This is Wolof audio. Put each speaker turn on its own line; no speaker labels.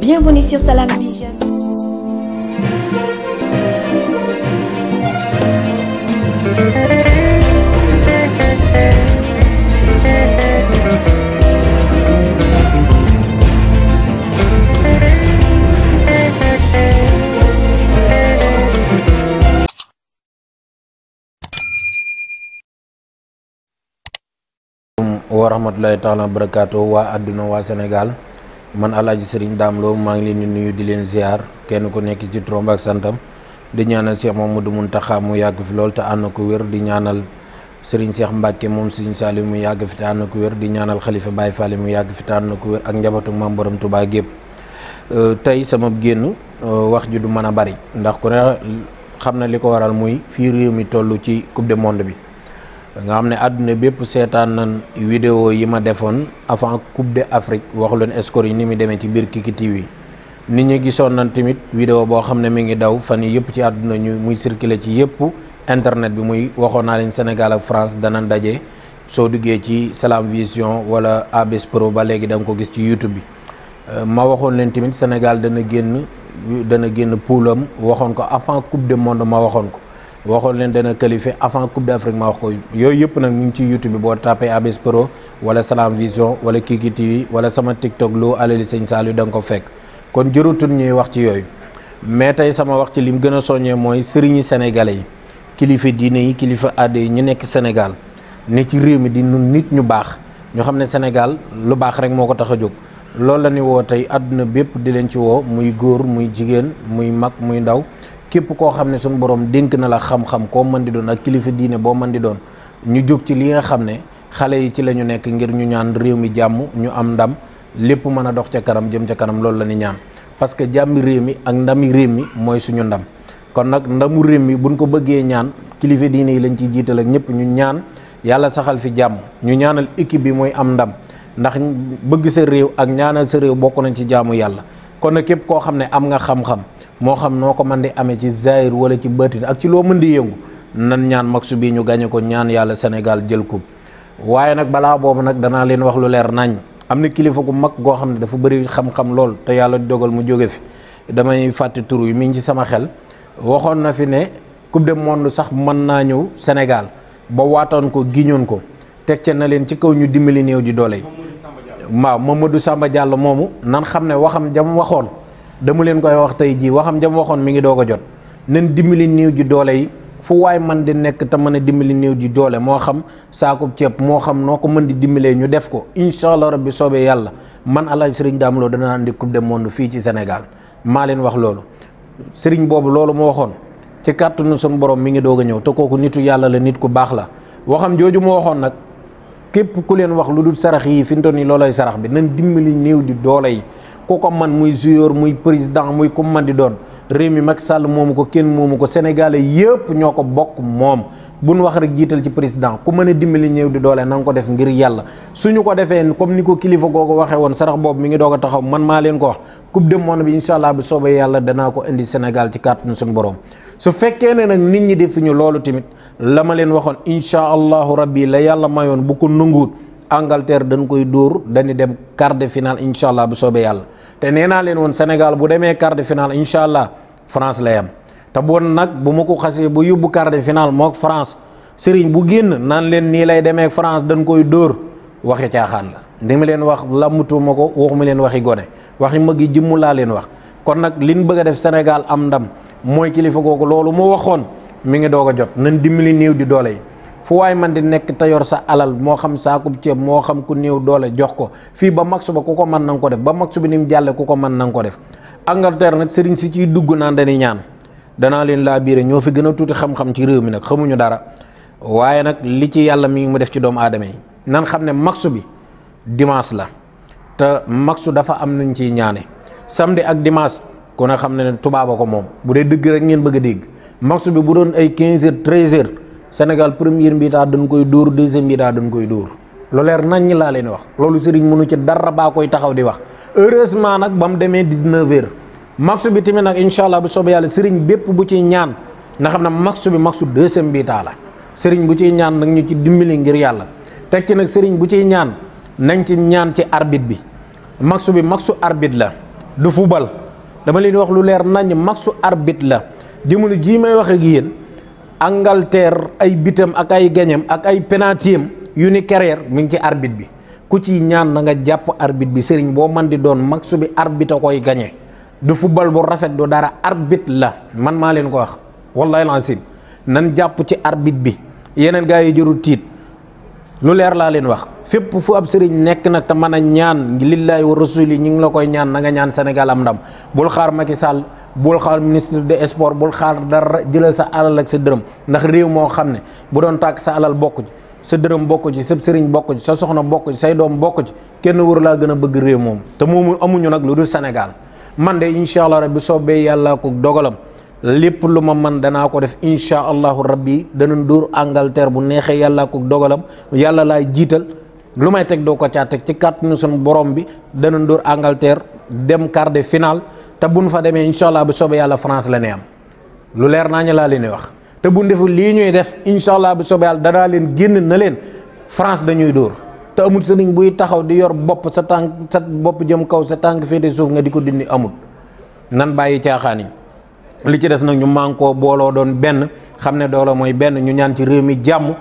Bienvenue sur Salam Vision. wa rahmatulahi taala wa barakaatu waa àdduna waa Sénégal man alaaji sëriñ daam loo maa ngi leen di nuyu di leen ziar kenn ku nekk ci tromb ak santam di ñaanal Cheikh Mamadou Mountakha mu yàgg fi lool te ànd ko wér di ñaanal sëriñ Cheikh Mbacke moom sëriñ Saliou mu yàgg fi te ànd ko wér di ñaanal xalifa Baye Fall mu yàgg fi te na ko wér ak njabootu maam borom Touba gépp euh, tey sama génn euh, wax ji du mën a bari ndax ku ne xam na li ko waral muy fii réew mi toll ci coupe du monde bi nga xam ne àdduna bépp seetaan nan vidéo yi ma defoon avant coupe de Afrique wax leen score yi ni muy demee ci biir Kiki TV nit ñi gisoon nan tamit vidéo boo xam ne mi ngi daw fan yii yëpp ci àdduna ñu muy circuler ci yëpp internet bi muy waxoon naa leen Sénégal ak France dana daje soo duggee ci Salam Vision wala ABS ba léegi da ko gis ci YouTube bi euh, ma waxoon leen tamit Sénégal dana génn dana génn poulam waxoon ko avant coupe du monde ma waxoon ko. waxoon leen dana qualifié avant coupe d'Afrique ma wax ko yooyu yëpp nag mu ngi ci youtube bi boo tapé abs pro wala salam vision wala kiki tv wala sama tiktok loo alali sëñ Saliou da nga ko fekk kon jërutul ñuy wax ci yooyu mais tey sama wax ci li mu gën a soññee mooy sëriñi sénégalais yi kilifa diine yi kilifa aada yi ñu nekk senegal ne ci réew mi di nu nit ñu baax ñu xam ne sénégal lu baax rek moo ko tax a jóg loolu la ni woo tey àdduna bépp di leen ci woo muy góor muy jigéen muy mag muy ndaw képp koo xam ne suñu borom dénk na la xam-xam koo mën di doon ak kilifa diine boo mën di doon ñu jóg ci li nga xam ne xale yi ci la ñu nekk ngir ñu ñaan réew mi jàmm ñu am ndam lépp mën a dox ca kanam jëm ca kanam loolu la ni ñaan parce que jàmmi réew mi ak ndami réew mi mooy suñu ndam kon nag ndamu réew mi buñ ko bëggee ñaan kilifa diine yi lañ ciy jiital ak ñëpp ñu ñaan yàlla saxal fi jàmm ñu ñaanal équipe bi mooy am ndam ndax bëgg sa réew ak ñaanal sa réew bokk nañ ci jaamu yàlla kon na képp koo xam ne am nga xam-xam moo xam noo ko man di amee ci zaahir wala ci baatin ak ci loo mën di yëngu nan ñaan match bi ñu gañe ko ñaan yàlla Sénégal jël ko waaye nag balaa boobu nag danaa leen wax lu leer nañ am na kilifa gu mag goo xam ne dafa bëri xam-xam lool te yàlla dogal mu jóge fi damay fàtte tur yi mi ci sama xel waxoon na fi ne coupe du monde sax mën naa ñëw Sénégal ba waatoon ko giñoon ko teg ca na leen ci kaw ñu dimbali néew di doole yi waaw Mamadou Samba Diallo moomu nan xam ne waxam jam waxoon dama leen koy wax tey jii waxam jam waxoon mi ngi doog jot nen dimbali néew ji doole yi fu waay man di nekk te mën a dimbali néew ji doole moo xam saakub ceeb moo xam noo ko mën di dimbalee ñu def ko incha allah rabbi soobee yàlla man Alaaji Sëriñ Daam Lo dana andi coupe du monde fii ci Sénégal maa leen wax loolu sëriñ boobu loolu moo waxoon ci kàttanu suñu borom mi ngi doog a ñëw te kooku nitu yàlla la nit ku baax la waxam jooju moo waxoon nag képp ku leen wax lu dul sarax yi fi mu toll nii loolay sarax bi nan dimbali néew di doole yi ku ko man muy joueur muy président muy ku man di doon réew mi Macky Sall moomu ko kenn moomu ko sénégalais yëpp ñoo ko bokk moom bu buñ wax rek jiital ci président ku mën a dimbali ñëw di doole nanga ko def ngir yàlla suñu ko defee comme ni ko kilifa googu waxee woon sarax boobu mi ngi doo ko taxaw man maa leen ko wax coupe du monde bi incha allah bu soobee yàlla danaa ko indi Sénégal ci kàttanu suñu borom su fekkee ne nag nit ñi defuñu loolu tamit la ma leen waxoon incha allahu rabbi la yàlla mayoon bu ko nanguwut Angleterre dañ koy dóor dañu dem quart de finale incha allah bu soobee yàlla te nee naa leen woon Sénégal bu demee quart de finale incha allah France lay am te bon nag bu ma ko xasee bu yóbbu quart de finale mook France Serigne bu génn naan leen nii lay demee France dañ koy dóor waxi caaxaan la ndi ma leen wax làmmutuma ko waxuma leen waxi gone waxi mag yi jëmm laa leen wax kon nag liñ bëgg a def Sénégal am ndam mooy kilifa googu loolu mu waxoon mu ngi doog a jot nañ dimbali néew di doole fu waay man di nekk te sa alal moo xam saakub ceeb moo xam ku néew doole jox ko fii ba max ba ku ko mën na nga ko def ba max bi ni mu jàlle ku ko man na nga ko def Angleterre nag sëriñ si ciy dugg naan dañuy ñaan danaa leen laa biire ñoo fi gën a tuuti xam-xam ci réew mi nag xamuñu dara waaye nag li ci yàlla mi ngi mu def ci doomu aadama yi nan xam ne max bi dimanche la te maxsu dafa am nuñ ciy ñaane samedi ak dimanche ku ne xam ne tubaaba ko moom bu dee dëgg rek ngeen bëgg a dégg max bi bu doon ay 15 heures 13 heures Sénégal première mbitaa dañ koy dóor deuxième mbitaa dañ koy dóor lu leer naññ laa leen wax loolu sëriñ mënu ci dara baa koy taxaw di wax heureusement nag ba mu demee 19 heures max bi tamit nag incha allah bu soobee yàlla sëriñ bépp bu ciy ñaan na xam ne max bi maxu deuxième mbitaa la sëriñ bu ciy ñaan nag ñu ci dimbali ngir yàlla teg ci nag sëriñ bu ciy ñaan nañ ci ñaan ci arbitre bi maxu bi maxu arbitre la du fubal dama leen di wax lu leer nañ maxu arbitre la jamono jii may wax ak yéen. Angleterre ay bitam ak ay gañam ak ay pénatiyam yu ni kereer mu ngi ci arbitre bi ku ci ñaan na nga jàpp arbitre bi sëriñ boo man di doon max bi arbitre koy gañe du football bu rafet du dara arbitre la man maa leen ko wax wallahi lancim nan jàpp ci arbitre bi yeneen gaa yi jëru tiit lu leer laa leen wax fépp fu ab sëriñ nekk nag te mën a ñaan lillahi wa rasuli ñu ngi la koy ñaan na nga ñaan Sénégal am ndam bul xaar Macky bul xaar ministre de sport bul xaar dara jëlal sa alal ak sa dërëm ndax réew moo xam ne bu doon tàkk sa alal bokk ci sa dërëm bokk ci sa sëriñ bokk sa soxna bokk ci say doom bokku ci kenn waru laa gën a bëgg réew moom te moomu amuñu nag lu dul Sénégal man de incha allah rabbi soobee yàlla ko dogalam. lépp lu ma man danaa ko def insha allahu rabbi dana dóor Angleterre bu neexee yàllaa ko dogalam yàlla laay jiital lu may teg doo ko caa teg ci kàttanu sunu borom bi dana dóor Angleterre dem quart de finale te buñ fa demee incha allah bu soobee yàlla France la ne am lu leer naa ñu laa leen wax te buñ deful lii ñuy def incha allah bu soobee yàlla danaa leen génn na leen France dañuy dóor te amul sëriñ buy taxaw di yor bopp sa tànk sa bopp jëm kaw sa tànk féete suuf nga di ko dindi amul nan bàyyi caaxaan yi li ci des nag ñu mànkoo booloo doon benn xam ne doolo mooy benn ñu ñaan ci réew mi jàmm